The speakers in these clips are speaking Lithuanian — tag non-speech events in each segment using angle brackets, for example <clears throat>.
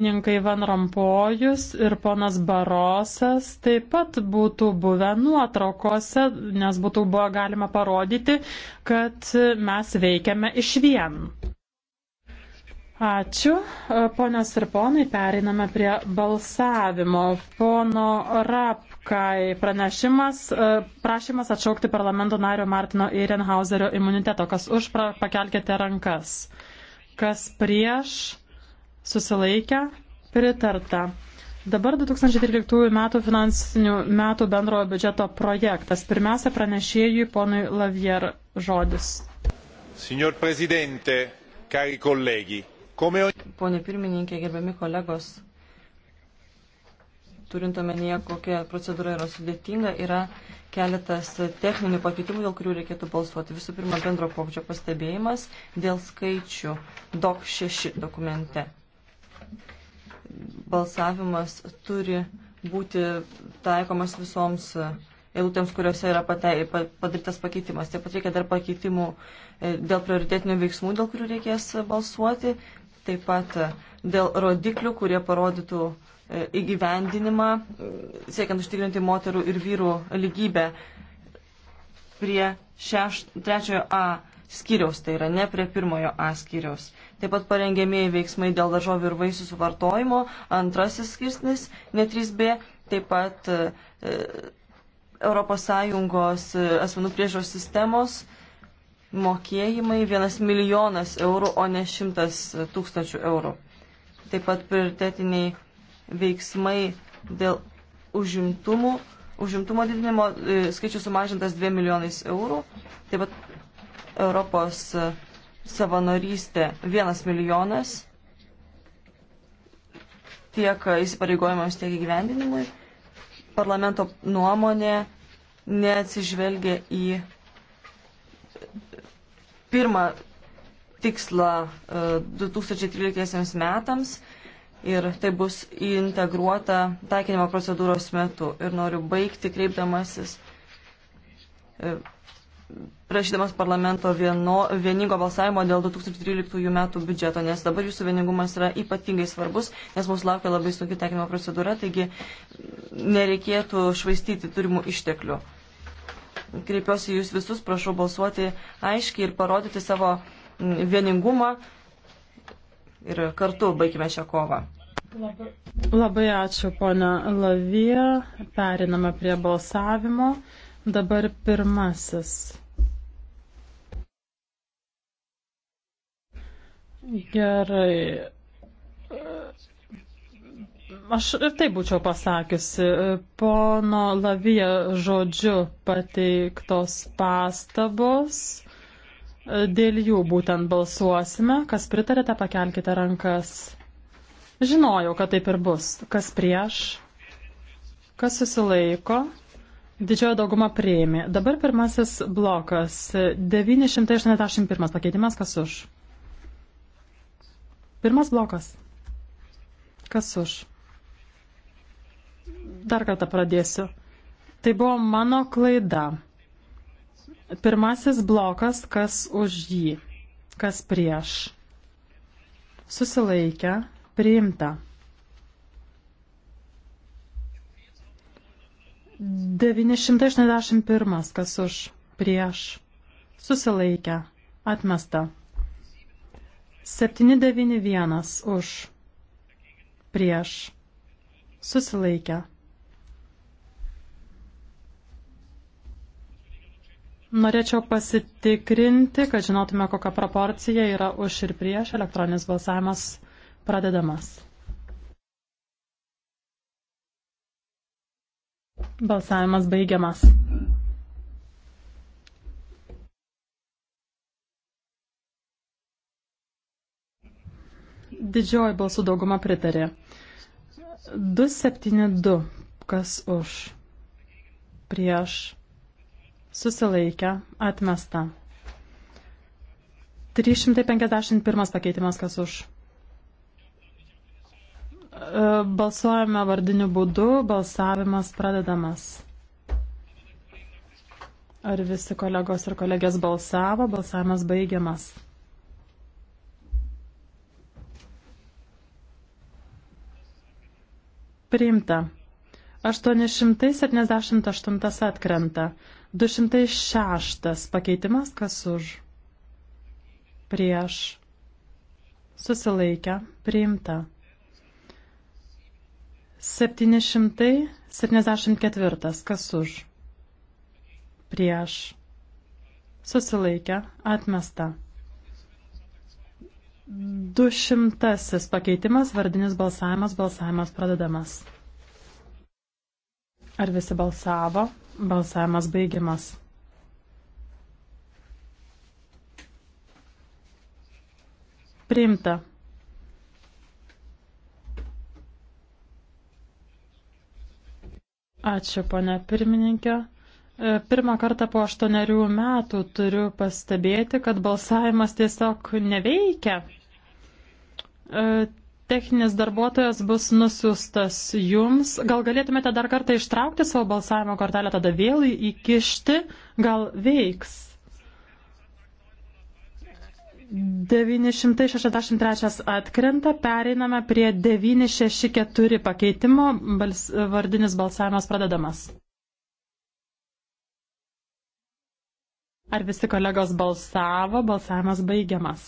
Pirmininkai Van Rompojus ir ponas Barosas taip pat būtų buvę nuotraukose, nes būtų buvo galima parodyti, kad mes veikiame iš vien. Ačiū. Ponios ir ponai, periname prie balsavimo. Pono Rapkai pranešimas, prašymas atšaukti parlamento nario Martino Eirenhauserio imuniteto. Kas už, pakelkite rankas. Kas prieš? susilaikę, pritarta. Dabar 2013 metų finansinių metų bendrojo biudžeto projektas. Pirmiausia, pranešėjui ponui Lavier žodis. Signor Presidente, cari colleghi, come... Pone pirmininkė, gerbiami kolegos, turint omenyje, kokia procedūra yra sudėtinga, yra keletas techninių pakeitimų, dėl kurių reikėtų balsuoti. Visų pirma, bendro pobūdžio pastebėjimas dėl skaičių DOC 6 dokumente balsavimas turi būti taikomas visoms eilutėms, kuriuose yra padarytas pakeitimas. Taip pat reikia dar pakeitimų e, dėl prioritetinių veiksmų, dėl kurių reikės balsuoti, taip pat e, dėl rodiklių, kurie parodytų e, įgyvendinimą, siekiant užtikrinti moterų ir vyrų lygybę prie šeš, trečiojo A skyriaus, tai yra ne prie pirmojo A skyriaus. Taip pat parengėmėjai veiksmai dėl daržovių ir vaisių suvartojimo, antrasis skirsnis, ne 3B, taip pat e, ES e, asmenų priežos sistemos mokėjimai 1 milijonas eurų, o ne 100 tūkstančių eurų. Taip pat prioritetiniai veiksmai dėl užimtumų užimtumo didinimo e, skaičius sumažintas 2 milijonais eurų. Taip pat Europos savanorystė 1 milijonas tiek įsipareigojimams, tiek įgyvendinimui. Parlamento nuomonė neatsižvelgia į pirmą tikslą 2013 e, metams ir tai bus integruota taikinimo procedūros metu. Ir noriu baigti kreipdamasis e, prašydamas parlamento vieno, vieningo balsavimo dėl 2013 metų biudžeto, nes dabar jūsų vieningumas yra ypatingai svarbus, nes mūsų laukia labai sunki tekinimo procedūra, taigi nereikėtų švaistyti turimų išteklių. Kreipiuosi jūs visus, prašau balsuoti aiškiai ir parodyti savo mm, vieningumą ir kartu baigime šią kovą. Labai, labai ačiū, ponia Lavija. Periname prie balsavimo. Dabar pirmasis. Gerai. Aš ir tai būčiau pasakiusi. Pono Lavija žodžiu pateiktos pastabos. Dėl jų būtent balsuosime. Kas pritarėte, pakelkite rankas. Žinojau, kad taip ir bus. Kas prieš? Kas susilaiko? Didžioji dauguma prieimė. Dabar pirmasis blokas. 981 pakeitimas. Kas už? Pirmas blokas. Kas už? Dar kartą pradėsiu. Tai buvo mano klaida. Pirmasis blokas, kas už jį, kas prieš. Susilaikę, priimta. 981. Kas už? Prieš. Susilaikę. Atmesta. 791. Už. Prieš. Susilaikę. Norėčiau pasitikrinti, kad žinotume, kokia proporcija yra už ir prieš elektroninis balsavimas pradedamas. Balsavimas baigiamas. Didžioji balsų dauguma pritarė. 272. Kas už? Prieš. Susilaikę. Atmesta. 351 pakeitimas. Kas už? E, balsuojame vardiniu būdu, balsavimas pradedamas. Ar visi kolegos ir kolegės balsavo, balsavimas baigiamas. Priimta. 878 atkrenta. 206 pakeitimas kas už. Prieš. Susilaikę. Priimta. 774. Kas už? Prieš. Susilaikę. Atmesta. 200. Pakeitimas. Vardinis balsavimas. Balsavimas pradedamas. Ar visi balsavo? Balsavimas baigiamas. Priimta. Ačiū, ponė pirmininkė. E, pirmą kartą po aštuonerių metų turiu pastebėti, kad balsavimas tiesiog neveikia. E, techninis darbuotojas bus nusiustas jums. Gal galėtumėte dar kartą ištraukti savo balsavimo kortelę, tada vėl įkišti, gal veiks. 963 atkrenta, pereiname prie 964 pakeitimo, bals, vardinis balsavimas pradedamas. Ar visi kolegos balsavo, balsavimas baigiamas.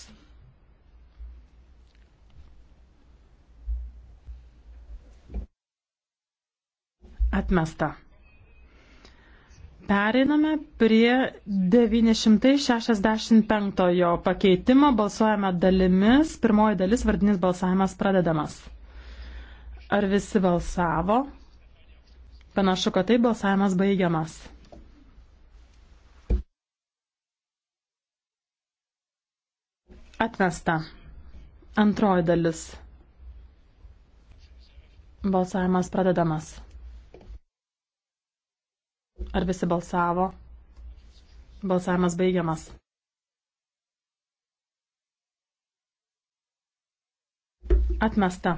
Atmesta. Pereiname prie 965 pakeitimo. Balsuojame dalimis. Pirmoji dalis vardinis balsavimas pradedamas. Ar visi balsavo? Panašu, kad taip balsavimas baigiamas. Atmesta. Antroji dalis. Balsavimas pradedamas. Ar visi balsavo? Balsavimas baigiamas. Atmesta.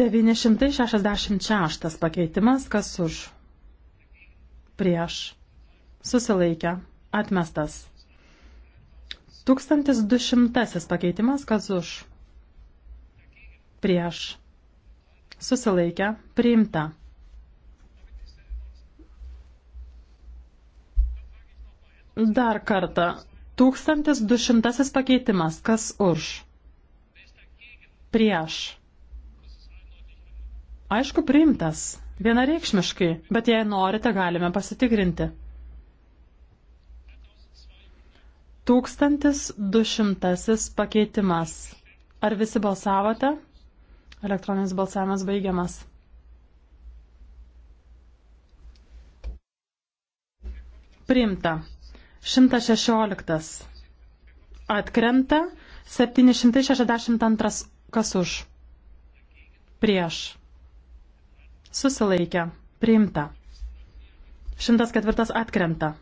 966 pakeitimas, kas už? Prieš. Susilaikę. Atmestas. 1200 pakeitimas, kas už? Prieš. Susilaikę. Priimta. Dar kartą. 1200 pakeitimas. Kas už? Prieš. Aišku, priimtas. Vienareikšmiškai, bet jei norite, galime pasitikrinti. 1200 pakeitimas. Ar visi balsavote? Elektroninis balsavimas baigiamas. Priimta. 116 atkrenta, 762 kas už, prieš, susilaikę, priimta. 104 atkrenta.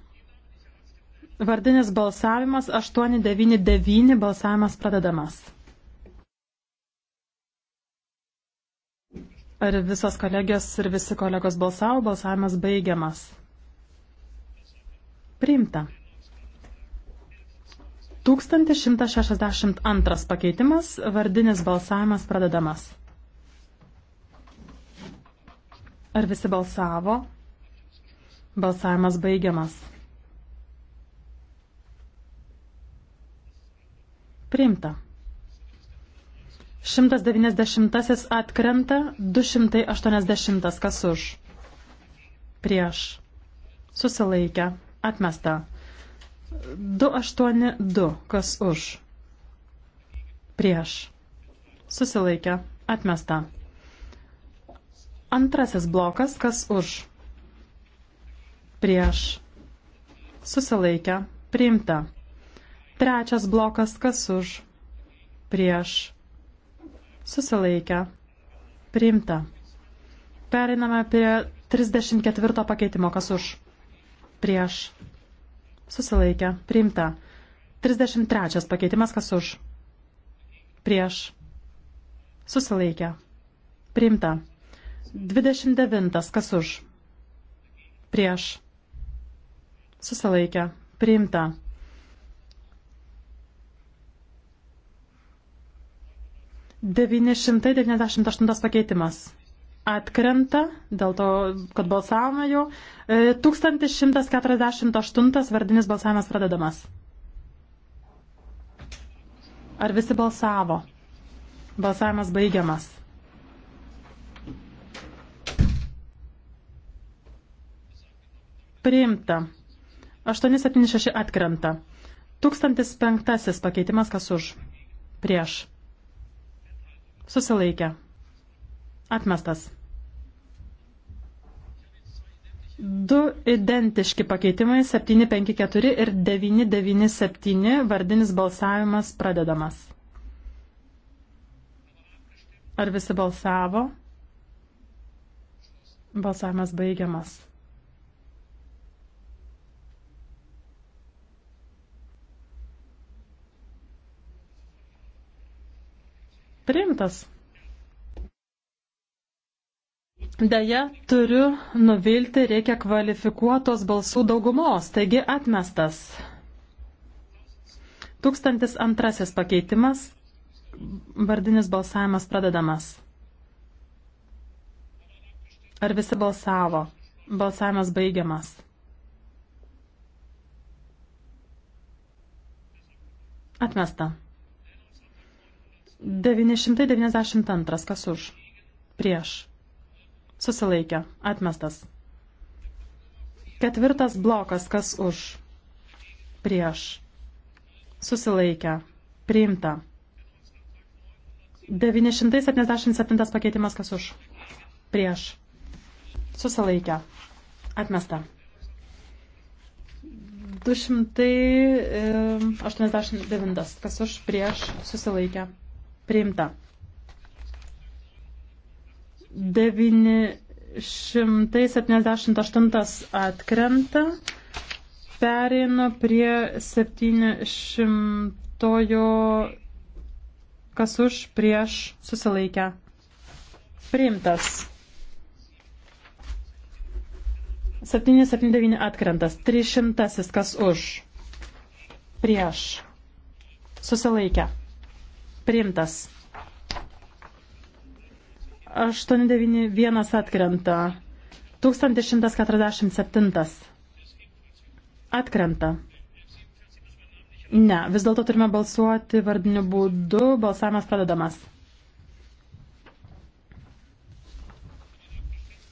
Vardinis balsavimas 899 balsavimas pradedamas. Ar visos kolegijos ir visi kolegos balsavo, balsavimas baigiamas. Priimta. 1162 pakeitimas, vardinis balsavimas pradedamas. Ar visi balsavo? Balsavimas baigiamas. Priimta. 190 atkrenta, 280 kas už. Prieš. Susilaikę. Atmesta. 282. Kas už? Prieš. Susilaikė. Atmesta. Antrasis blokas. Kas už? Prieš. Susilaikė. Priimta. Trečias blokas. Kas už? Prieš. Susilaikė. Priimta. Periname prie 34 pakeitimo. Kas už? Prieš susilaikė, priimta. 33 pakeitimas, kas už, prieš, susilaikė, priimta. 29 kas už, prieš, susilaikė, priimta. Devynišimtai devyniasdešimt aštuntas pakeitimas atkrenta, dėl to, kad balsavome jau. E, 1148 vardinis balsavimas pradedamas. Ar visi balsavo? Balsavimas baigiamas. Priimta. 876 atkrenta. 1005 pakeitimas kas už. Prieš. Susilaikė. Atmestas. Du identiški pakeitimai 754 ir 997 vardinis balsavimas pradedamas. Ar visi balsavo? Balsavimas baigiamas. Priimtas. Deja, turiu nuvilti, reikia kvalifikuotos balsų daugumos, taigi atmestas. Tūkstantis antrasis pakeitimas, vardinis balsavimas pradedamas. Ar visi balsavo? Balsavimas baigiamas. Atmesta. 992. Kas už? Prieš susilaikė, atmestas. Ketvirtas blokas, kas už, prieš, susilaikė, priimta. 977 pakeitimas, kas už, prieš, susilaikė, atmesta. 289, kas už, prieš, susilaikė, priimta. 978 atkrenta. Pereinu prie 700 kas už prieš susilaikę. Priimtas. 779 atkrentas. 300 kas už prieš susilaikę. Priimtas. 891 atkrenta. 1147 atkrenta. Ne, vis dėlto turime balsuoti vardiniu būdu. Balsavimas pradedamas.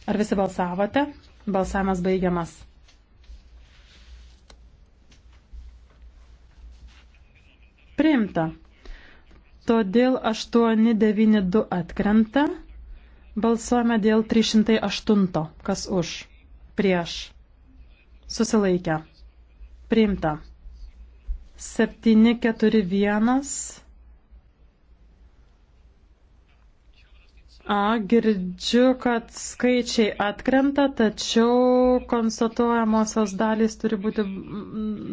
Ar visi balsavote? Balsavimas baigiamas. Priimta. Todėl 892 atkrenta. Balsuojame dėl 308. Kas už? Prieš. Susilaikę. Priimta. 741. A, girdžiu, kad skaičiai atkrenta, tačiau konstatuojamosios dalys turi būti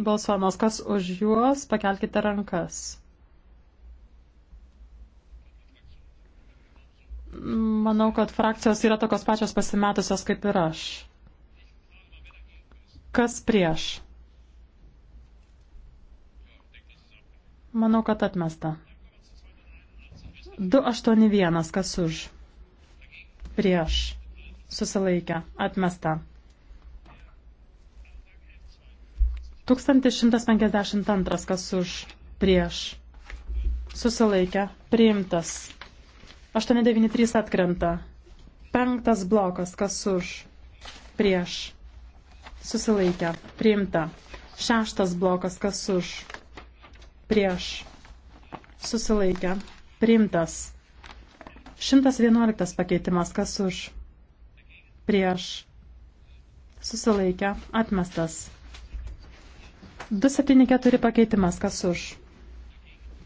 balsuojamos. Kas už juos, pakelkite rankas. Manau, kad frakcijos yra tokios pačios pasimetusios kaip ir aš. Kas prieš? Manau, kad atmesta. 281, kas už? Prieš. Susilaikę. Atmesta. 1152, kas už? Prieš. Susilaikę. Priimtas. 893 atkrenta. Penktas blokas, kas už, prieš, susilaikę, priimta. Šeštas blokas, kas už, prieš, susilaikę, priimtas. 111 pakeitimas, kas už, prieš, susilaikę, atmestas. 274 pakeitimas, kas už,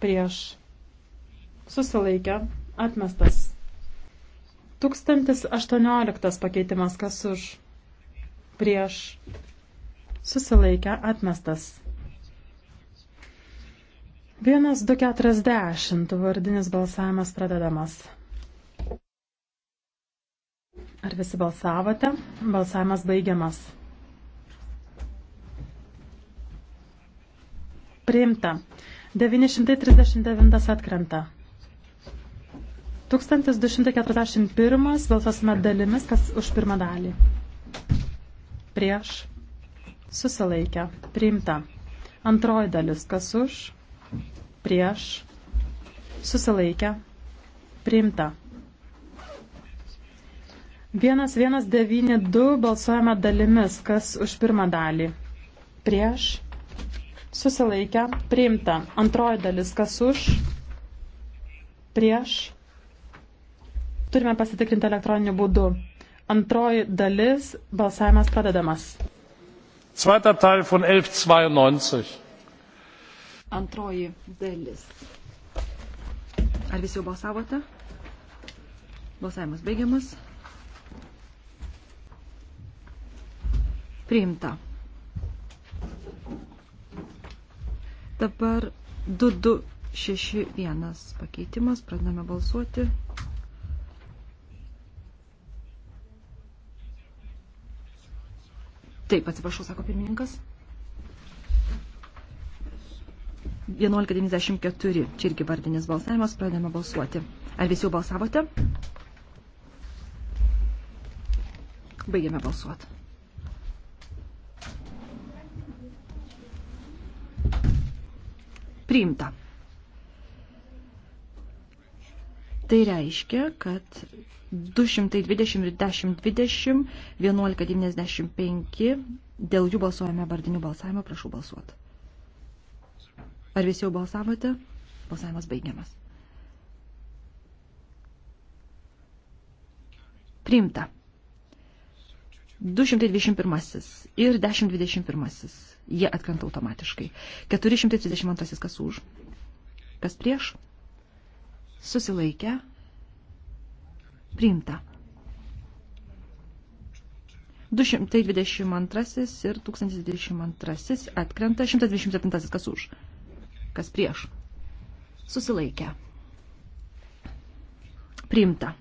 prieš, susilaikę, Atmestas. 1018 pakeitimas, kas už, prieš, susilaikę, atmestas. 1240 vardinis balsavimas pradedamas. Ar visi balsavote? Balsavimas baigiamas. Priimta. 939 atkrenta. 1241 balsuosime dalimis, kas už pirmą dalį. Prieš. Susilaikę. Priimta. Antroji dalis, kas už. Prieš. Susilaikę. Priimta. 1192 balsuojame dalimis, kas už pirmą dalį. Prieš. Susilaikę. Priimta. Antroji dalis, kas už. Prieš Turime pasitikrinti elektroniniu būdu. Antroji dalis - balsavimas pradedamas. Zweiter Teil von 1192. Antroji dalis. Ar visi jau balsavote? Balsavimas baigiamas. Priimta. Dabar 2261 pakeitimas, pradedame balsuoti. Taip, atsiprašau, sako pirmininkas. 11.94. Čia irgi vardinis balsavimas, pradėjome balsuoti. Ar visi jau balsavote? Baigėme balsuoti. Priimta. Tai reiškia, kad 220 ir 1020, 1195, dėl jų balsuojame vardiniu balsavimu, prašau balsuoti. Ar visi jau balsavote? Balsavimas baigiamas. Priimta. 221 ir 1021. Jie atkanta automatiškai. 432 kas už, kas prieš, susilaikę, priimta. 222 tai ir 1022 atkrenta, 127 kas už, kas prieš, susilaikę, priimta.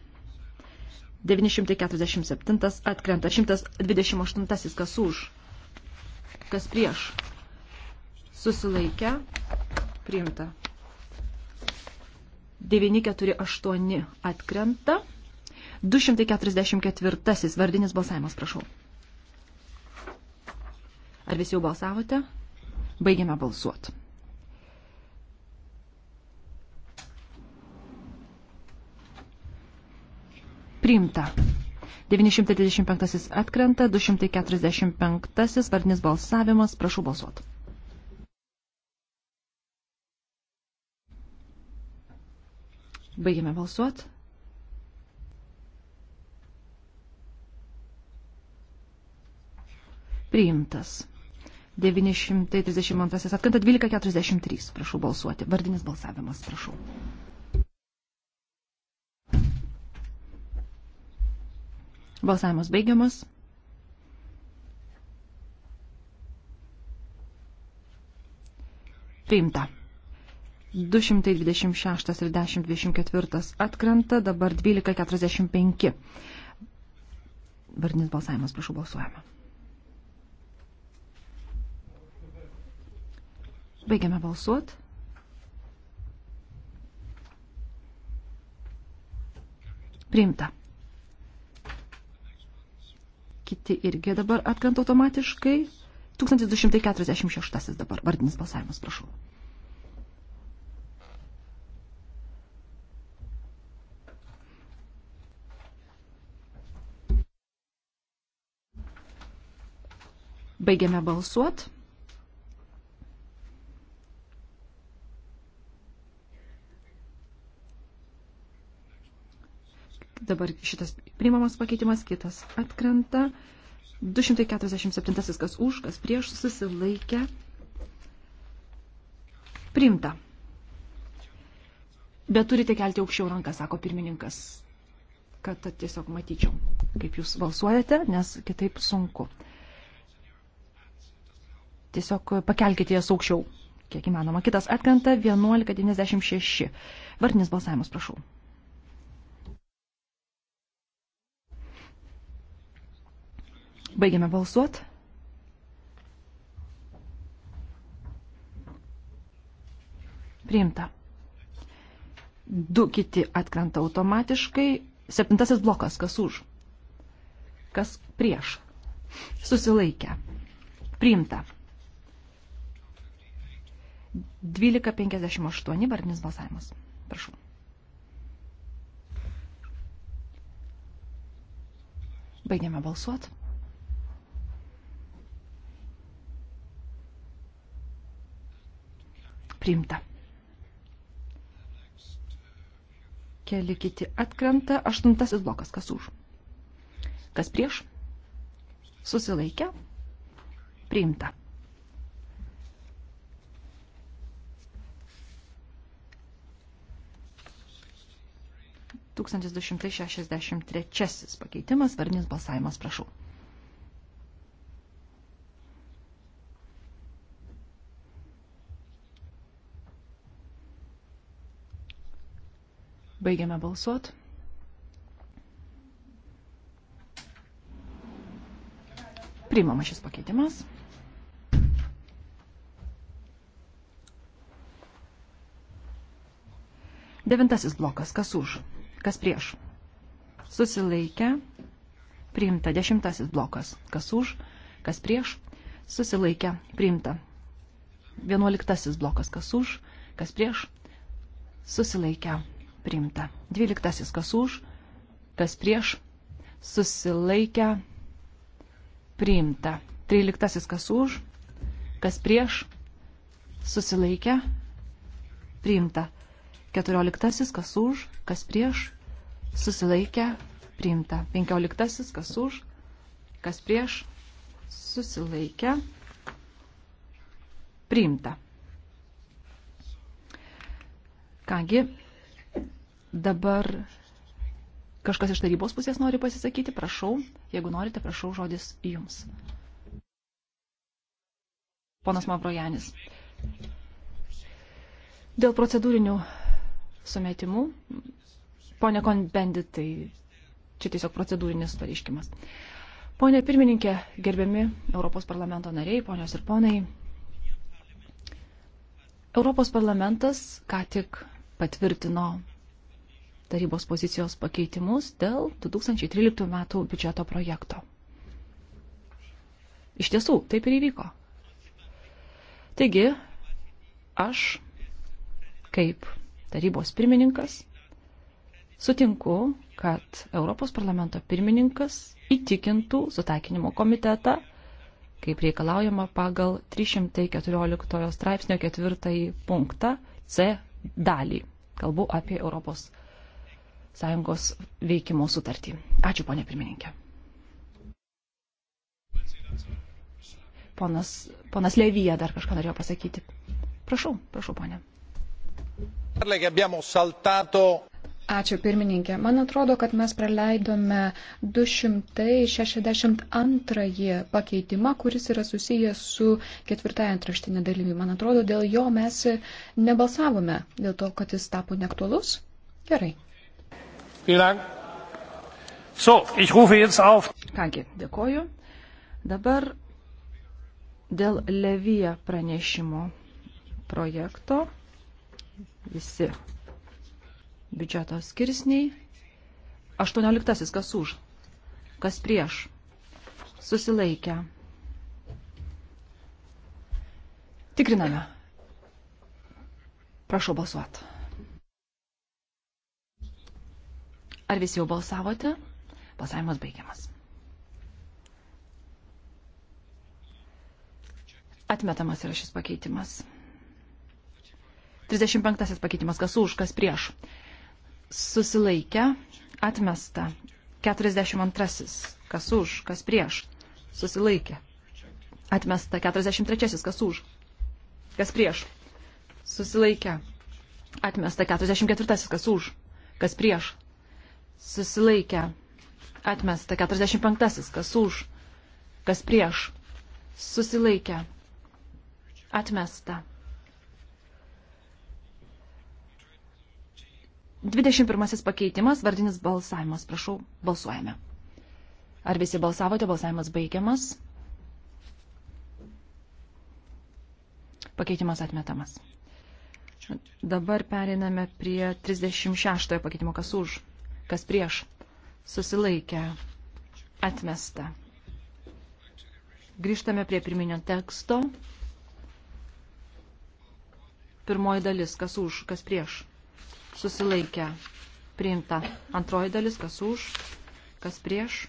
947 atkrenta, 128 kas už, kas prieš, susilaikę, priimta. 948 atkrenta. 244 vardinis balsavimas, prašau. Ar visi jau balsavote? Baigiame balsuoti. Priimta. 935 atkrenta, 245 vardinis balsavimas, prašau balsuoti. Baigiame balsuoti. Priimtas. 932 atkanta 1243. Prašau balsuoti. Vardinis balsavimas, prašau. Balsavimas baigiamas. Priimta. 226 ir 1024 atkrenta, dabar 1245. Vardinis balsavimas, prašau, balsuojame. Baigiame balsuoti. Priimta. Kiti irgi dabar atkrenta automatiškai. 1246 dabar vardinis balsavimas, prašau. Baigiame balsuot. Dabar šitas priimamas pakeitimas, kitas atkrenta. 247 kas už, kas prieš susilaikę. Primta. Bet turite kelti aukščiau ranką, sako pirmininkas, kad tiesiog matyčiau, kaip jūs balsuojate, nes kitaip sunku. Tiesiog pakelkite jas aukščiau, kiek įmanoma. Kitas atkrenta 11.96. Vardinis balsavimas, prašau. Baigiame balsuot. Priimta. Du kiti atkrenta automatiškai. Septintasis blokas, kas už. Kas prieš. Susilaikę. Priimta. 12.58 vardinis balsavimas. Prašau. Baigiame balsuoti. Priimta. Keli kiti atkrenta. Aštuntasis blokas. Kas už? Kas prieš? Susilaikę. Priimta. 1263 pakeitimas, vardinis balsavimas, prašau. Baigiame balsuot. Priimama šis pakeitimas. Devintasis blokas. Kas už? Kas prieš? Susilaikę. Priimta. Dešimtasis blokas. Kas už? Kas prieš? Susilaikę. Priimta. Vienuoliktasis blokas. Kas už? Kas prieš? Susilaikę. Priimta. Dvyliktasis. Kas už? Kas prieš? Susilaikę. Priimta. Tryliktasis. Kas už? Kas prieš? Susilaikę. Priimta. Keturioliktasis, kas už, kas prieš, susilaikę, priimta. Penkioliktasis, kas už, kas prieš, susilaikę, priimta. Kągi, dabar kažkas iš tarybos pusės nori pasisakyti, prašau, jeigu norite, prašau žodis jums. Ponas Mavrojanis. Dėl procedūrinių sumetimu. Pone Konbendit, tai čia tiesiog procedūrinis pareiškimas. Pone pirmininkė, gerbiami Europos parlamento nariai, ponios ir ponai, Europos parlamentas ką tik patvirtino tarybos pozicijos pakeitimus dėl 2013 metų biudžeto projekto. Iš tiesų, taip ir įvyko. Taigi, aš kaip tarybos pirmininkas, sutinku, kad Europos parlamento pirmininkas įtikintų sutaikinimo komitetą, kaip reikalaujama pagal 314 straipsnio 4 punktą C dalį. Kalbu apie Europos Sąjungos veikimo sutartį. Ačiū, ponė pirmininkė. Ponas, ponas Levyje dar kažką norėjo pasakyti. Prašau, prašau, ponė. Ačiū pirmininkė. Man atrodo, kad mes praleidome 262 pakeitimą, kuris yra susijęs su ketvirtąją antraštinę dalimi. Man atrodo, dėl jo mes nebalsavome, dėl to, kad jis tapo neaktualus. Gerai. So, Kągi, dėkoju. Dabar dėl Levija pranešimo projekto visi biudžeto skirsniai. 18. Kas už? Kas prieš? Susilaikę. Tikriname. Prašau balsuoti. Ar visi jau balsavote? Balsavimas baigiamas. Atmetamas yra šis pakeitimas. 35 pakeitimas, kas už, kas prieš. Susilaikę, atmesta. 42, kas už, kas prieš. Susilaikė. Atmesta. 43, kas už, kas prieš. Susilaikė. Atmesta. 44, kas už, kas prieš. Susilaikė. Atmesta. 45, kas už, kas prieš. Susilaikė. Atmesta. 21 pakeitimas, vardinis balsavimas, prašau, balsuojame. Ar visi balsavote, balsavimas baigiamas? Pakeitimas atmetamas. Dabar periname prie 36 pakeitimo, kas už, kas prieš, susilaikę, atmesta. Grįžtame prie pirminio teksto. Pirmoji dalis, kas už, kas prieš, susilaikę priimta. Antroji dalis, kas už, kas prieš,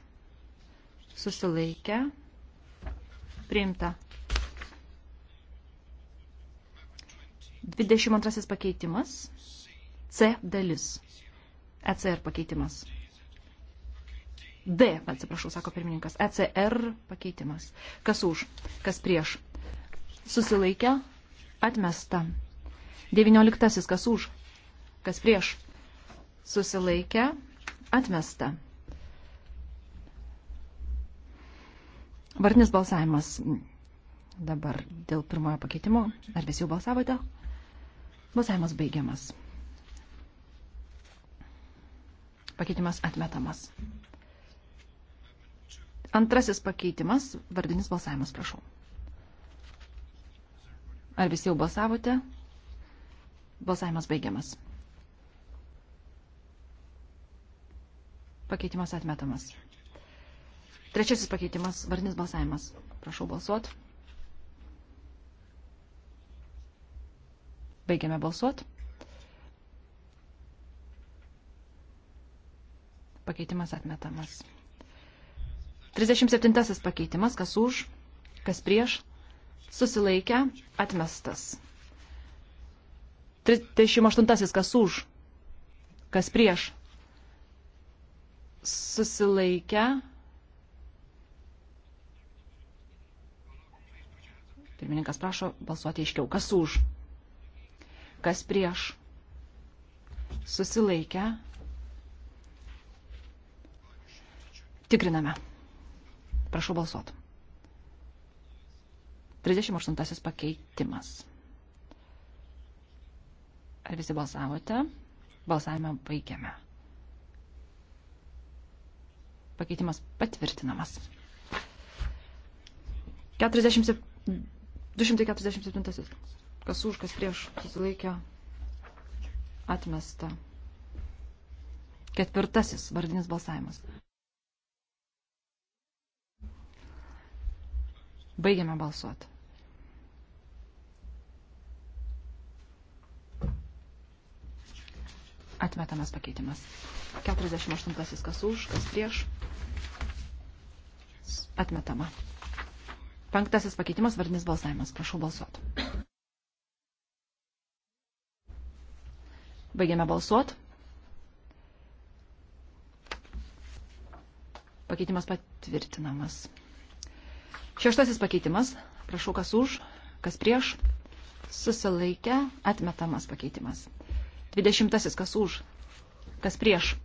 susilaikę priimta. 22 pakeitimas, C dalis, ECR pakeitimas. D, atsiprašau, sako pirmininkas, ECR pakeitimas. Kas už, kas prieš. Susilaikę, atmesta. 19. Kas už, kas prieš, susilaikę, atmesta. Vardinis balsavimas dabar dėl pirmojo pakeitimo. Ar visi jau balsavote? Balsavimas baigiamas. Pakeitimas atmetamas. Antrasis pakeitimas, vardinis balsavimas, prašau. Ar visi jau balsavote? Balsavimas baigiamas. Pakeitimas atmetamas. Trečiasis pakeitimas, vardinis balsavimas. Prašau balsuot. Baigiame balsuot. Pakeitimas atmetamas. 37 pakeitimas, kas už, kas prieš, susilaikę, atmestas. 38 kas už, kas prieš, susilaikę. Pirmininkas prašo balsuoti aiškiau. Kas už? Kas prieš? Susilaikę. Tikriname. Prašau balsuoti. 38 pakeitimas. Ar visi balsavote? Balsavimą baigiame. Pakeitimas patvirtinamas. 47, 247. Kas už, kas prieš susilaikė atmesta. Ketvirtasis vardinis balsavimas. Baigiame balsuoti. Atmetamas pakeitimas. 48 kas už, kas prieš. Atmetama. Penktasis pakeitimas vardinis balsavimas. Prašau balsuot. Baigiame balsuot. Pakeitimas patvirtinamas. Šeštasis pakeitimas. Prašau, kas už, kas prieš. Susilaikę atmetamas pakeitimas. 20 kas už, kas prieš,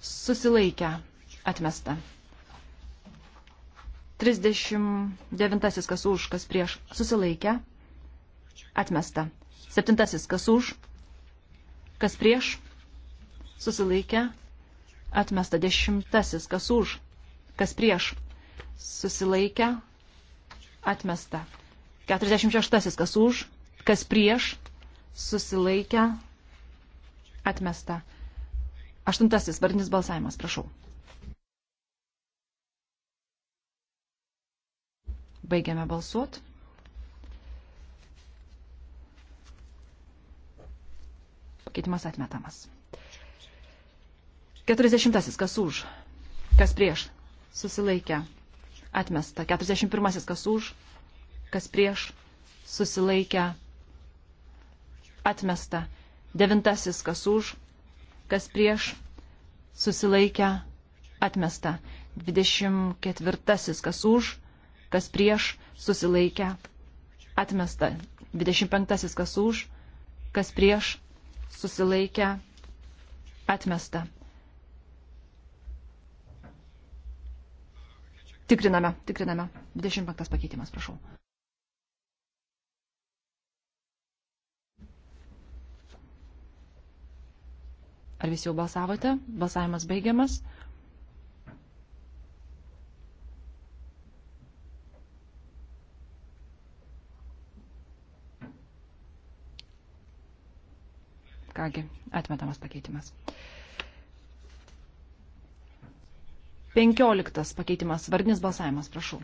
susilaikę, atmesta. 39 kas už, kas prieš, susilaikę, atmesta. 7 kas už, kas prieš, susilaikę, atmesta. 10 kas už, kas prieš, susilaikę, atmesta. 46 kas už, kas prieš, susilaikę, Atmesta. Aštuntasis vardinis balsavimas, prašau. Baigiame balsuot. Pakeitimas atmetamas. Keturisdešimtasis, kas už, kas prieš, susilaikė, atmesta. Keturisdešimt pirmasis, kas už, kas prieš, susilaikė, atmesta. Devintasis, kas už, kas prieš, susilaikę, atmesta. Dvidešimt ketvirtasis, kas už, kas prieš, susilaikę, atmesta. Dvidešimt penktasis, kas už, kas prieš, susilaikę, atmesta. Tikriname, tikriname. 25 pakeitimas, prašau. Ar visi jau balsavote? Balsavimas baigiamas. Kągi, atmetamas pakeitimas. Penkioliktas pakeitimas, vardinis balsavimas, prašau.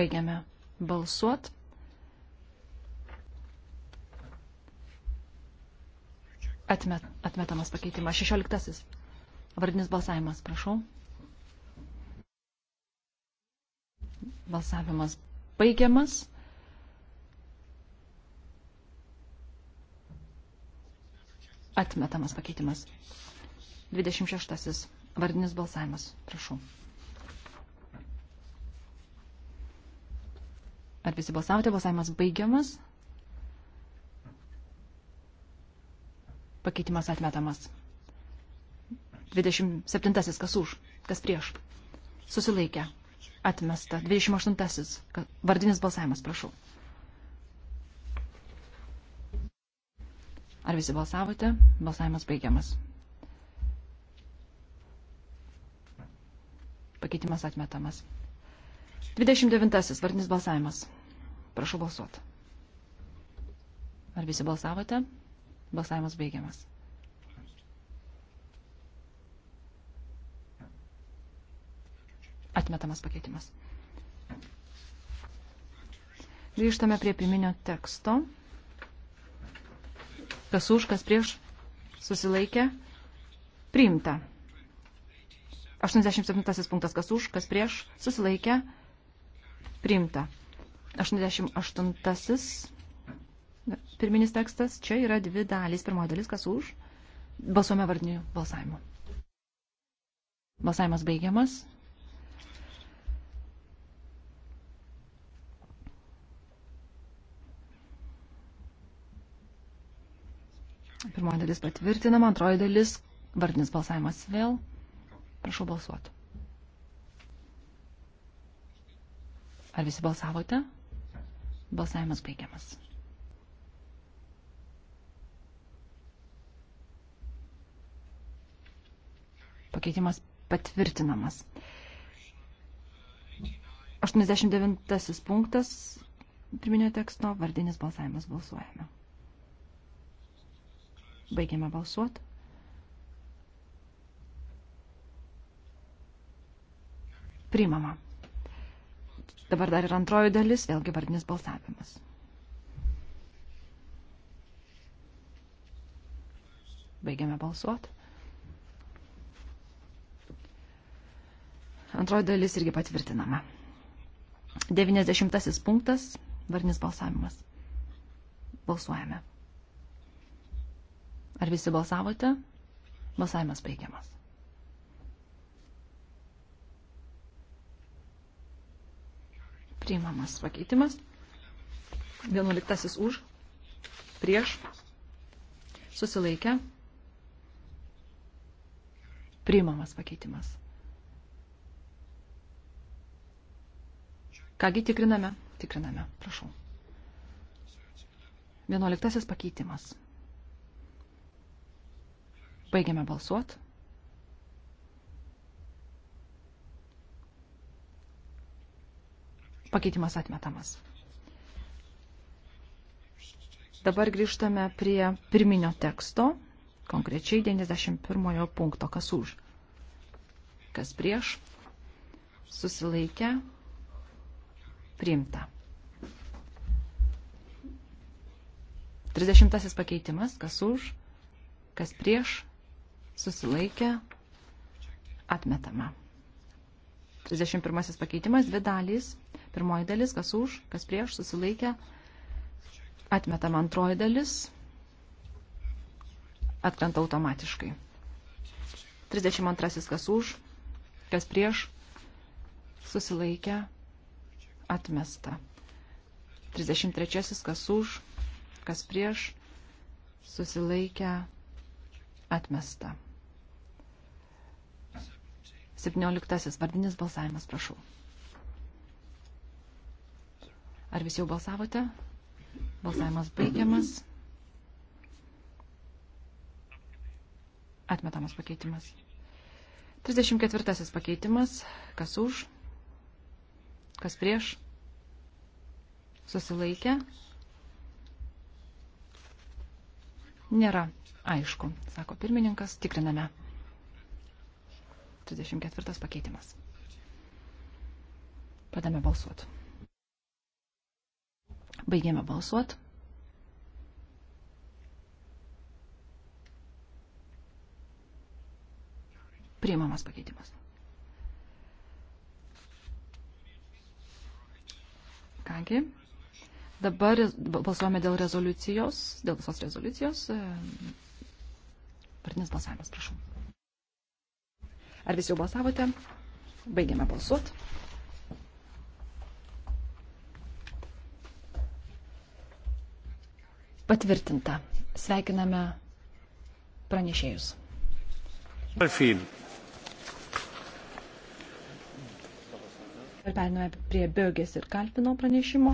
Baigiame balsuot. Atmet, atmetamas pakeitimas. Šešioliktasis. Vardinis balsavimas, prašau. Balsavimas baigiamas. Atmetamas pakeitimas. 26. Vardinis balsavimas. Prašau. Ar visi balsavote? Balsavimas baigiamas. Pakeitimas atmetamas. 27. Kas už, kas prieš. Susilaikę. Atmesta. 28. Vardinis balsavimas, prašau. Ar visi balsavote? Balsavimas baigiamas. Pakeitimas atmetamas. 29. Vardinis balsavimas. Prašau balsuoti. Ar visi balsavote? Balsavimas baigiamas. Atmetamas pakeitimas. Grįžtame prie piminio teksto. Kas už, kas prieš susilaikė. Priimta. 87 punktas, kas už, kas prieš susilaikė. Priimta. 88 pirminis tekstas. Čia yra dvi dalys. Pirmoji dalis, kas už. Balsuome vardiniu balsavimu. Balsavimas baigiamas. Pirmoji dalis patvirtinama, antroji dalis vardinis balsavimas vėl. Prašau balsuoti. Ar visi balsavote? Balsavimas baigiamas. pakeitimas patvirtinamas. 89 punktas pirminio teksto, vardinis balsavimas balsuojame. Baigiame balsuoti. Priimama. Dabar dar ir antroji dalis, vėlgi vardinis balsavimas. Baigiame balsuoti. Antroji dalis irgi patvirtinama. 90 punktas, varnis balsavimas. Balsuojame. Ar visi balsavote? Balsavimas baigiamas. Priimamas pakeitimas. 11 už, prieš, susilaikę. Priimamas pakeitimas. Kągi tikriname? Tikriname, prašau. Vienuoliktasis pakeitimas. Baigiame balsuot. Pakeitimas atmetamas. Dabar grįžtame prie pirminio teksto, konkrečiai 91 punkto, kas už, kas prieš, susilaikę, Priimta. 30 pakeitimas, kas už, kas prieš, susilaikė, atmetama. 31 pakeitimas, dvi dalys. Pirmoji dalis, kas už, kas prieš, susilaikė, atmetama antroji dalis, atkrenta automatiškai. 32 kas už, kas prieš, susilaikė, atmetama atmesta. 33. Kas už, kas prieš, susilaikę, atmesta. 17. Vardinis balsavimas, prašau. Ar visi jau balsavote? Balsavimas baigiamas. Atmetamas pakeitimas. 34. pakeitimas. Kas už? Kas prieš? Susilaikė? Nėra aišku, sako pirmininkas, tikriname. 34 pakeitimas. Padame balsuoti. Baigėme balsuoti. Priimamas pakeitimas. Kągi, dabar balsuojame dėl rezoliucijos, dėl visos rezoliucijos. Partinis e, balsavimas, prašau. Ar visi jau balsavote? Baigiame balsuoti. Patvirtinta. Sveikiname pranešėjus. Alfin. Ir periname prie Bögės ir Kalpino pranešimo.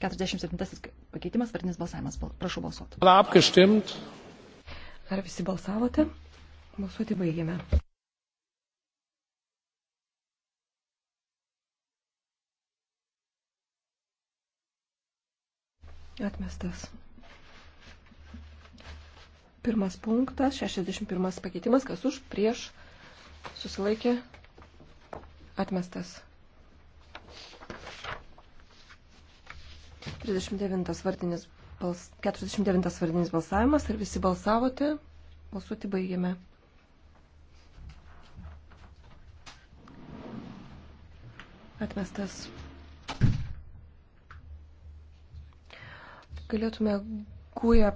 47 pakeitimas, vardinis balsavimas. Prašau balsuoti. Apkaštimt. Ar visi balsavote? Balsuoti baigėme. Atmestas. Pirmas punktas, 61 pakeitimas, kas už prieš susilaikė, atmestas. 39 vardinis, bals, 49 vardinis balsavimas, ar visi balsavote, balsuoti baigėme. Atmestas. Galėtume kūrė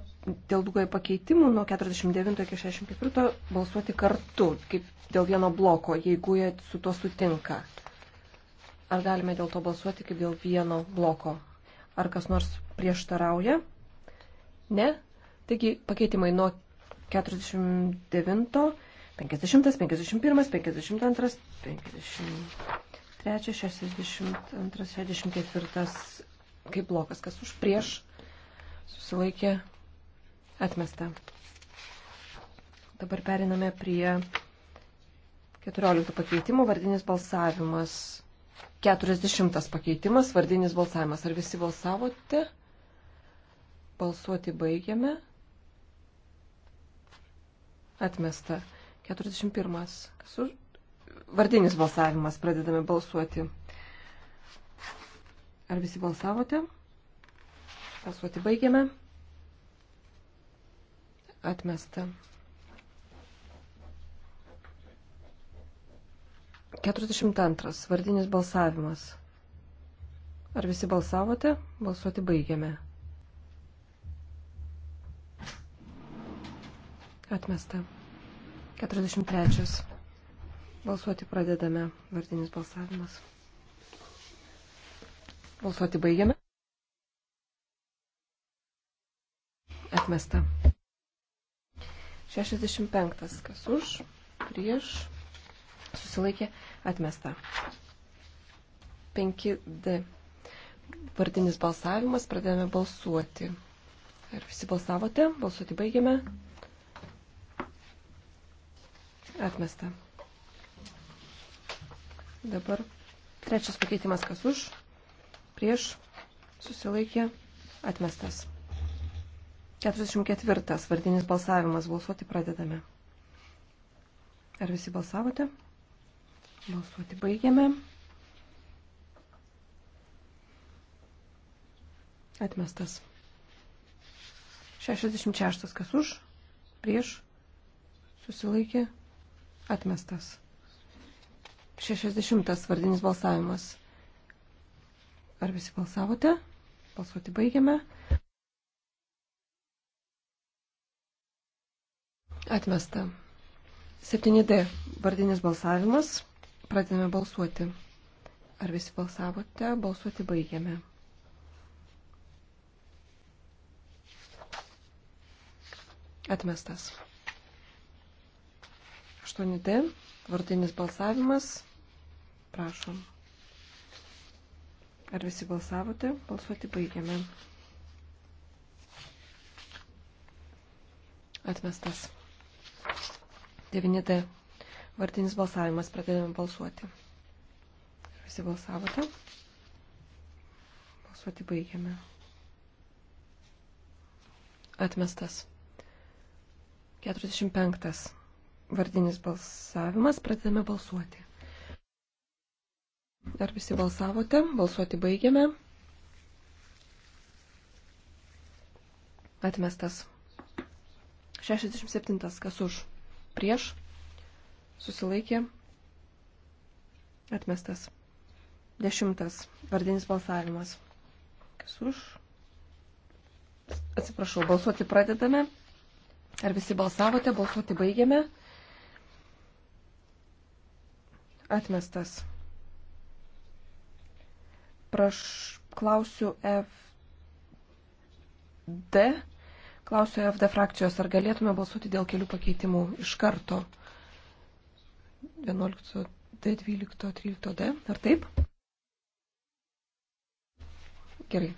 dėl daugiau pakeitimų nuo 49 iki 64 balsuoti kartu, kaip dėl vieno bloko, jeigu jie su tuo sutinka. Ar galime dėl to balsuoti kaip dėl vieno bloko? Ar kas nors prieštarauja? Ne? Taigi pakeitimai nuo 49, 50, 51, 52, 53, 62, 64 kaip blokas, kas už prieš susilaikė, atmesta. Dabar periname prie 14 pakeitimų, vardinis balsavimas. 40 pakeitimas, vardinis balsavimas. Ar visi balsavote? Balsuoti baigiame. Atmesta. 41. Kas už? Vardinis balsavimas. Pradedame balsuoti. Ar visi balsavote? Balsuoti baigiame. Atmesta. 42. Vardinis balsavimas. Ar visi balsavote? Balsuoti baigiame. Atmesta. 43. Balsuoti pradedame. Vardinis balsavimas. Balsuoti baigiame. Atmesta. 65. Kas už, prieš, susilaikė, atmesta. 5D. Vardinis balsavimas, pradėjome balsuoti. Ar visi balsavote? Balsuoti baigėme. Atmesta. Dabar trečias pakeitimas, kas už, prieš, susilaikė, atmestas. 44. Vardinis balsavimas. Balsuoti pradedame. Ar visi balsavote? Balsuoti baigiame. Atmestas. 66. Kas už? Prieš? Susilaikė? Atmestas. 60. Vardinis balsavimas. Ar visi balsavote? Balsuoti baigiame. Atmesta. 7D. Vardinis balsavimas. Pradėme balsuoti. Ar visi balsavote? Balsuoti baigiame. Atmestas. 8D. Vardinis balsavimas. Prašom. Ar visi balsavote? Balsuoti baigiame. Atmestas. 9D. Vartinis balsavimas. Pradedame balsuoti. Visi balsavote. Balsuoti baigiame. Atmestas. 45. Vardinis balsavimas. Pradedame balsuoti. Ar visi balsavote? Balsuoti baigiame. Atmestas. 67. Kas už? prieš, susilaikė, atmestas. Dešimtas, vardinis balsavimas. Kas už? Atsiprašau, balsuoti pradedame. Ar visi balsavote, balsuoti baigiame. Atmestas. Praš, klausiu FD Klausiu FD frakcijos, ar galėtume balsuoti dėl kelių pakeitimų iš karto 11D, 12, 13D, ar taip? Gerai.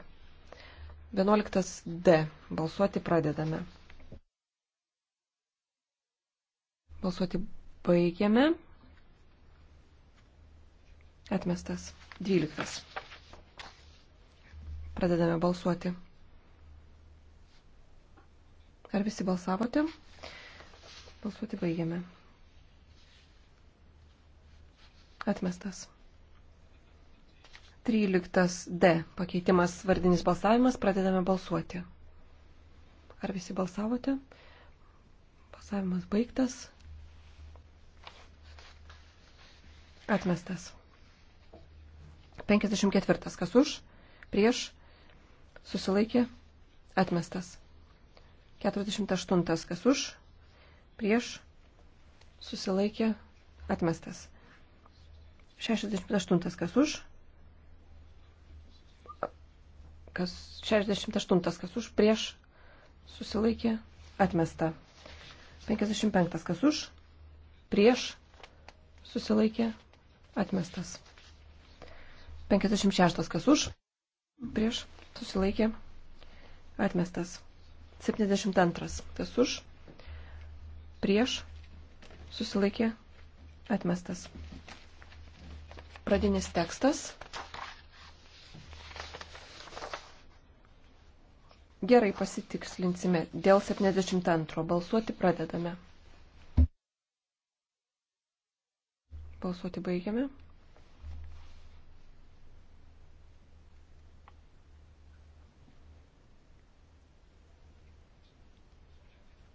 11D. Balsuoti pradedame. Balsuoti baigiame. Atmestas 12. Pradedame balsuoti. Ar visi balsavote? Balsuoti baigiame. Atmestas. 13 D. Pakeitimas vardinis balsavimas. Pradedame balsuoti. Ar visi balsavote? Balsavimas baigtas. Atmestas. 54. Kas už? Prieš? Susilaikė? Atmestas. 48. Kas už, prieš, susilaikė, atmestas. 68. Kas už, kas 68. Kas už, prieš, susilaikė, atmesta. 55. Kas už, prieš, susilaikė, atmestas. 56. Kas už, prieš, susilaikė, atmestas. 72. Kas už? Prieš? Susilaikė? Atmestas. Pradinis tekstas. Gerai pasitikslinsime. Dėl 72 balsuoti pradedame. Balsuoti baigiame.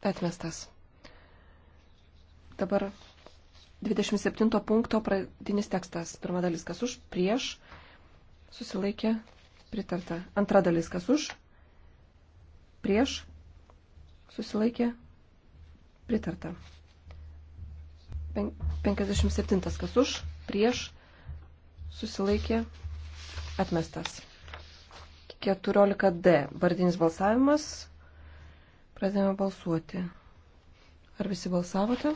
Atmestas. Dabar 27 punkto pradinis tekstas. Pirma dalis kas už, prieš, susilaikė, pritarta. Antra dalis kas už, prieš, susilaikė, pritarta. 57 kas už, prieš, susilaikė, atmestas. 14D. Vardinis balsavimas. Pradėjome balsuoti. Ar visi balsavote?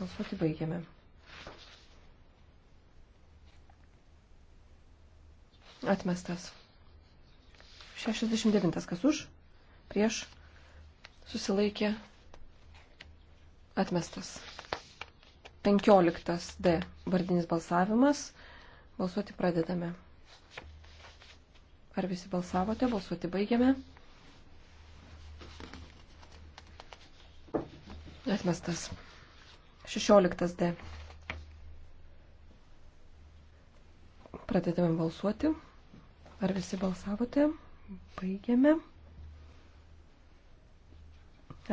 Balsuoti baigiame. Atmestas. 69. Kas už? Prieš. Susilaikė. Atmestas. 15. D. Vardinis balsavimas. Balsuoti pradedame. Ar visi balsavote? Balsuoti baigiame. Atmestas. 16 D. Pradedame balsuoti. Ar visi balsavote? Baigiame.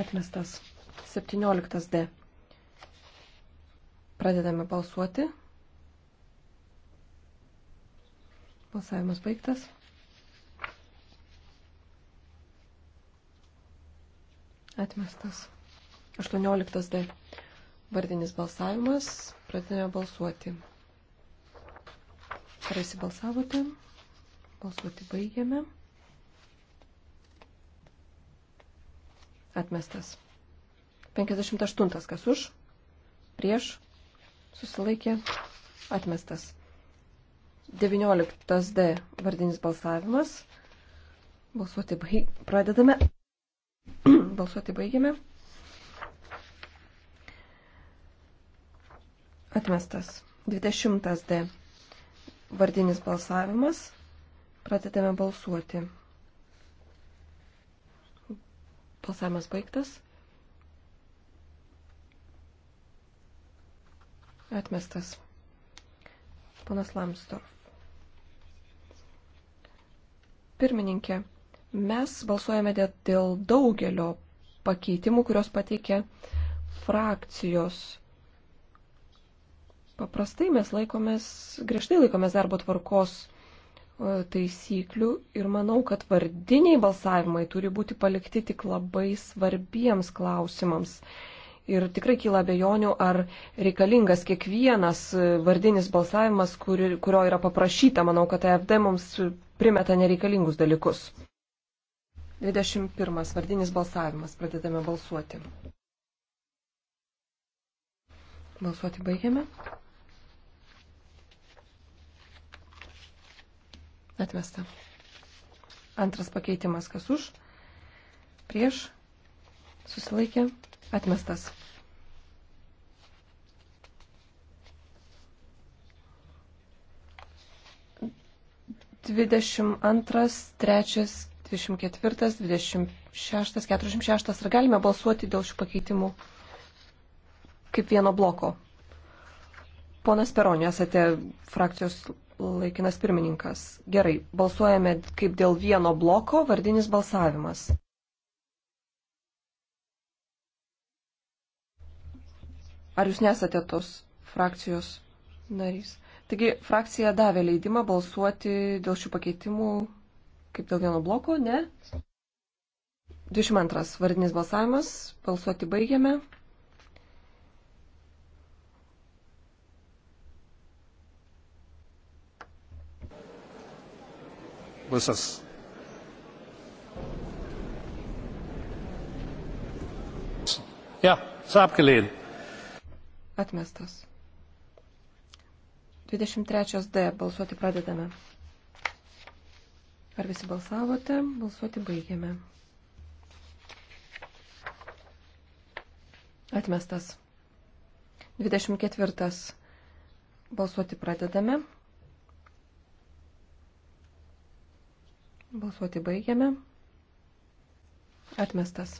Atmestas. 17 D. Pradedame balsuoti. Balsavimas baigtas. Atmestas. 18D. Vardinis balsavimas. Pradėjome balsuoti. Ar įsibalsavote? Balsuoti baigėme. Atmestas. 58. Kas už? Prieš? Susilaikė? Atmestas. 19D. Vardinis balsavimas. Balsuoti baig... Pradedame. <clears throat> Balsuoti baigėme. Atmestas. 20 D. Vardinis balsavimas. Pradedame balsuoti. Balsavimas baigtas. Atmestas. Ponas Lamstor. Pirmininkė, mes balsuojame dėl daugelio pakeitimų, kurios pateikė frakcijos Paprastai mes laikomės, griežtai laikomės darbo tvarkos e, taisyklių ir manau, kad vardiniai balsavimai turi būti palikti tik labai svarbiems klausimams. Ir tikrai kyla bejonių, ar reikalingas kiekvienas e, vardinis balsavimas, kuri, kurio yra paprašyta. Manau, kad AFD e mums primeta nereikalingus dalykus. 21. Vardinis balsavimas. Pradedame balsuoti. Balsuoti baigiame. Atmesta. Antras pakeitimas, kas už, prieš, susilaikė, atmestas. Dvidešimt antras, trečias, dvidešimt ketvirtas, dvidešimt šeštas, keturiasdešimt šeštas. Ar galime balsuoti dėl šių pakeitimų kaip vieno bloko? Ponas Peronė, esate frakcijos laikinas pirmininkas. Gerai, balsuojame kaip dėl vieno bloko vardinis balsavimas. Ar jūs nesate tos frakcijos narys? Taigi frakcija davė leidimą balsuoti dėl šių pakeitimų kaip dėl vieno bloko, ne? 22 vardinis balsavimas, balsuoti baigiame. visas Ja, ist abgelehnt. Atmestas. 23 D. Balsuoti pradedame. Ar visi balsavote? Balsuoti baigiame. Atmestas. 24. Balsuoti pradedame. Balsuoti baigiame. Atmestas.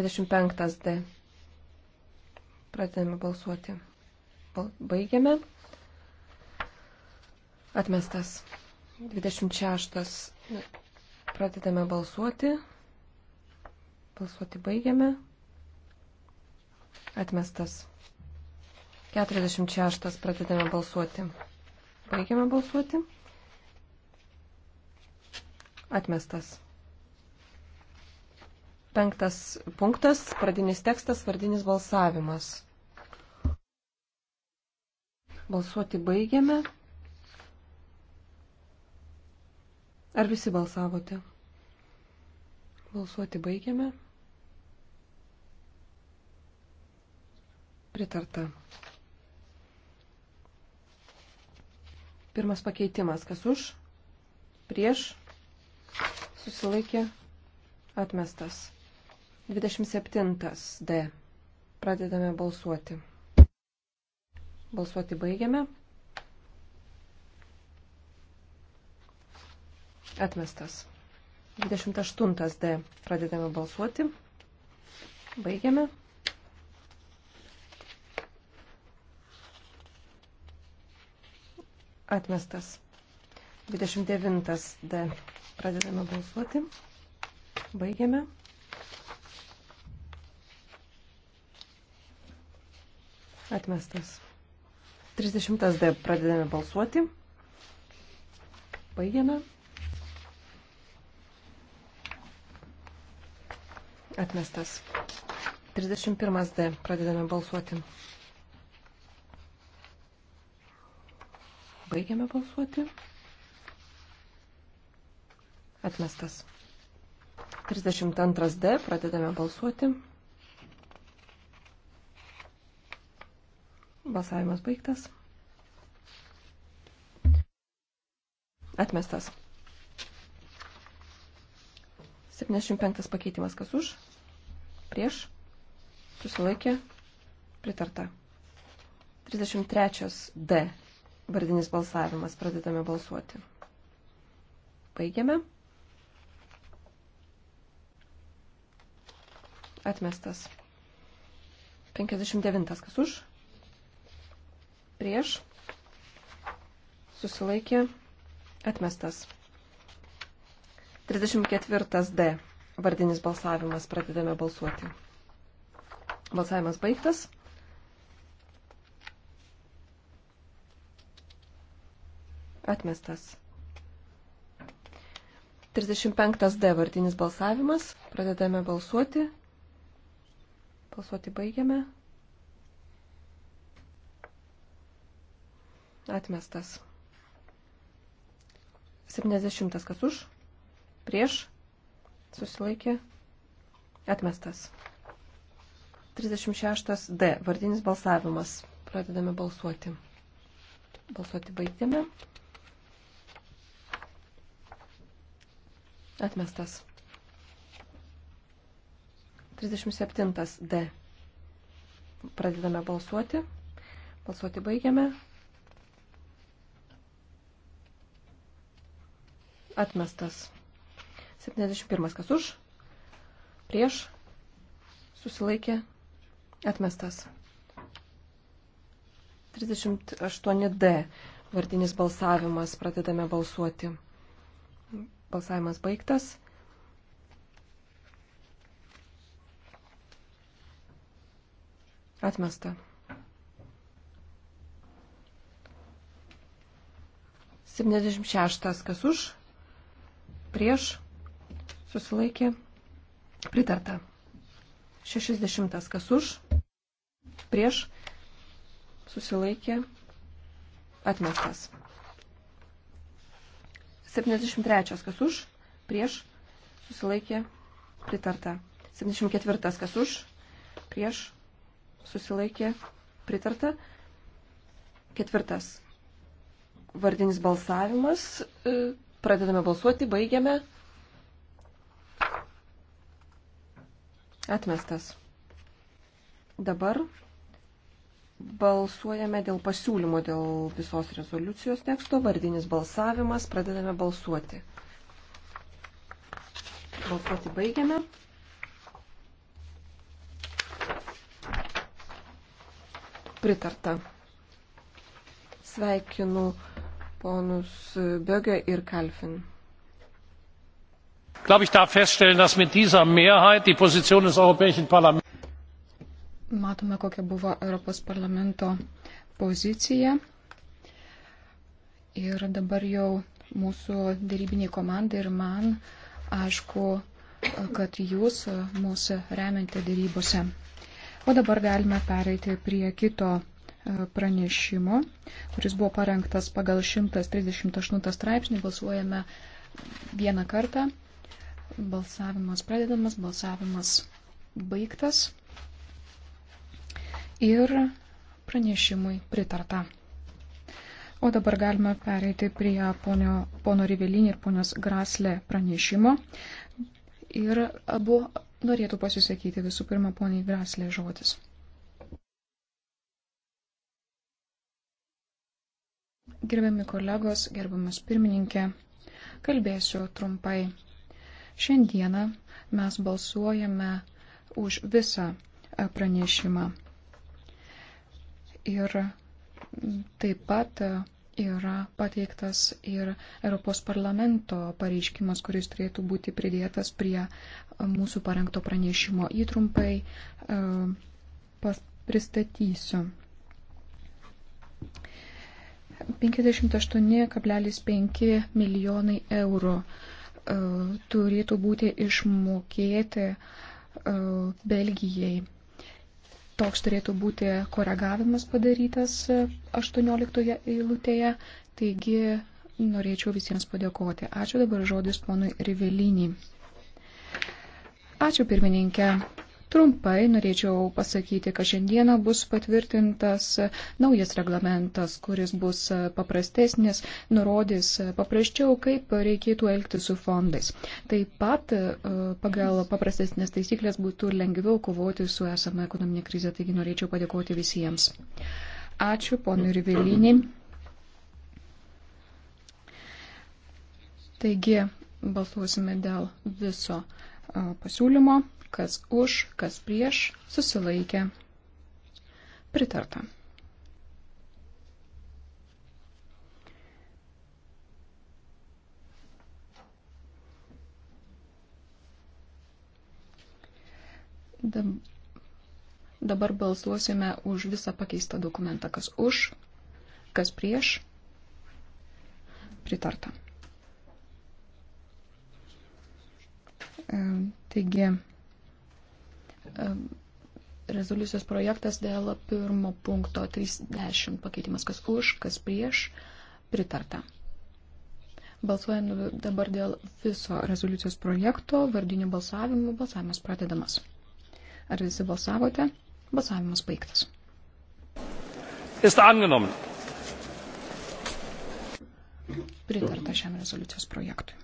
25 D. Pradedame balsuoti. Baigiame. Atmestas. 26. Pradedame balsuoti. Balsuoti baigiame. Atmestas. 46. Pradedame balsuoti. Baigiame balsuoti. Atmestas. Penktas punktas, pradinis tekstas, vardinis balsavimas. Balsuoti baigiame. Ar visi balsavote? Balsuoti baigiame. Pritarta. Pirmas pakeitimas. Kas už? Prieš? susilaikė, atmestas. 27 D. Pradedame balsuoti. Balsuoti baigiame. Atmestas. 28 D. Pradedame balsuoti. Baigiame. Atmestas. 29 D. Pradedame balsuoti. Baigiame. Atmestas. 30 D. Pradedame balsuoti. Baigiame. Atmestas. 31 D. Pradedame balsuoti. Baigiame balsuoti. Atmestas. 32D. Pradedame balsuoti. Balsavimas baigtas. Atmestas. 75 pakeitimas kas už, prieš, susilaikė, pritarta. 33 D. Vardinis balsavimas. Pradedame balsuoti. Baigiame. Atmestas. 59. Kas už? Prieš. Susilaikė. Atmestas. 34. D. Vardinis balsavimas. Pradedame balsuoti. Balsavimas baigtas. Atmestas. 35. D. Vardinis balsavimas. Pradedame balsuoti. Balsuoti baigiame. Atmestas. 70 kas už, prieš, susilaikė, atmestas. 36 D. Vardinis balsavimas. Pradedame balsuoti. Balsuoti baigėme. Atmestas. 37 D. Pradedame balsuoti. Balsuoti baigiame. Atmestas. 71 kas už. Prieš. Susilaikė. Atmestas. 38D. Vardinis balsavimas. Pradedame balsuoti. Balsavimas baigtas. Atmesta. 76. Kas už? Prieš? Susilaikė? Pritarta. 60. Kas už? Prieš? Susilaikė? Atmestas. 73. Kas už? Prieš? Susilaikė? Pritarta. 74. Kas už? Prieš? susilaikė, pritarta. Ketvirtas vardinis balsavimas. E, pradedame balsuoti, baigiame. Atmestas. Dabar balsuojame dėl pasiūlymo, dėl visos rezoliucijos teksto. Vardinis balsavimas. Pradedame balsuoti. Balsuoti baigiame. pritarta. Sveikinu ponus Böge ir Kalfin. Ich glaube, ich darf feststellen, dass mit dieser Mehrheit die Position des Europäischen Parlaments. Matome, kokia buvo Europos parlamento pozicija. Ir dabar jau mūsų dėrybiniai komandai ir man aišku, kad jūs mūsų remiate dėrybose. O dabar galime pereiti prie kito e, pranešimo, kuris buvo parengtas pagal 138 straipsnį. Balsuojame vieną kartą. Balsavimas pradedamas, balsavimas baigtas. Ir pranešimui pritarta. O dabar galime pereiti prie ponio, pono Rivelinį ir ponios Graslė pranešimo. Ir abu norėtų pasisakyti visų pirma poniai Graslė žodis. Gerbiami kolegos, gerbiamas pirmininkė, kalbėsiu trumpai. Šiandieną mes balsuojame už visą pranešimą. Ir taip pat yra pateiktas ir Europos parlamento pareiškimas, kuris turėtų būti pridėtas prie e, mūsų parengto pranešimo. Įtrumpai e, pristatysiu. 58,5 milijonai eurų e, turėtų būti išmokėti Belgijai Toks turėtų būti koregavimas padarytas 18 e, eilutėje, taigi norėčiau visiems padėkoti. Ačiū dabar žodis ponui Rivelinį. Ačiū pirmininkė. Trumpai norėčiau pasakyti, kad šiandieną bus patvirtintas naujas reglamentas, kuris bus paprastesnis, nurodys paprasčiau, kaip reikėtų elgti su fondais. Taip pat e, pagal paprastesnės taisyklės būtų lengviau kovoti su esama ekonominė krize, taigi norėčiau padėkoti visiems. Ačiū, ponui Rivelinį. Taigi balsuosime dėl viso e, pasiūlymo kas už, kas prieš, susilaikė. Pritarta. Dabar balsuosime už visą pakeistą dokumentą, kas už, kas prieš. Pritarta. Taigi, rezoliucijos projektas dėl pirmo punkto 30 pakeitimas, kas už, kas prieš, pritarta. Balsuojame nu, dabar dėl viso rezoliucijos projekto, vardinių balsavimų, balsavimas pradedamas. Ar visi balsavote? Balsavimas baigtas. Ist angenommen. Pritarta šiam rezoliucijos projektui.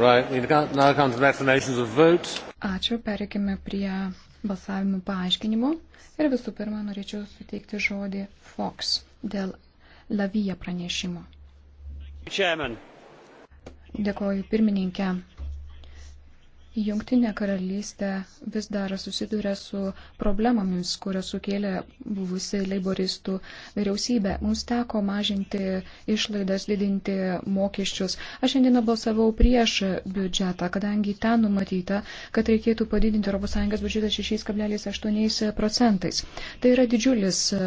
Right. Ačiū, pereikime prie balsavimų paaiškinimų. Ir visų pirma, norėčiau suteikti žodį Fox dėl Lavija pranešimo. Chairman. Dėkoju pirmininkė. Jungtinė karalystė vis dar susiduria su problemomis, kurios sukėlė buvusi leiboristų vyriausybė. Mums teko mažinti išlaidas, didinti mokesčius. Aš šiandieną balsavau prieš biudžetą, kadangi ten numatyta, kad reikėtų padidinti ES biudžetą 6,8 procentais. Tai yra didžiulis e,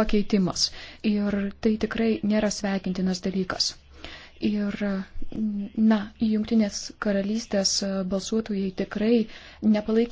pakeitimas ir tai tikrai nėra sveikintinas dalykas. Ir Na, jungtinės karalystės balsuotojai tikrai nepalaikė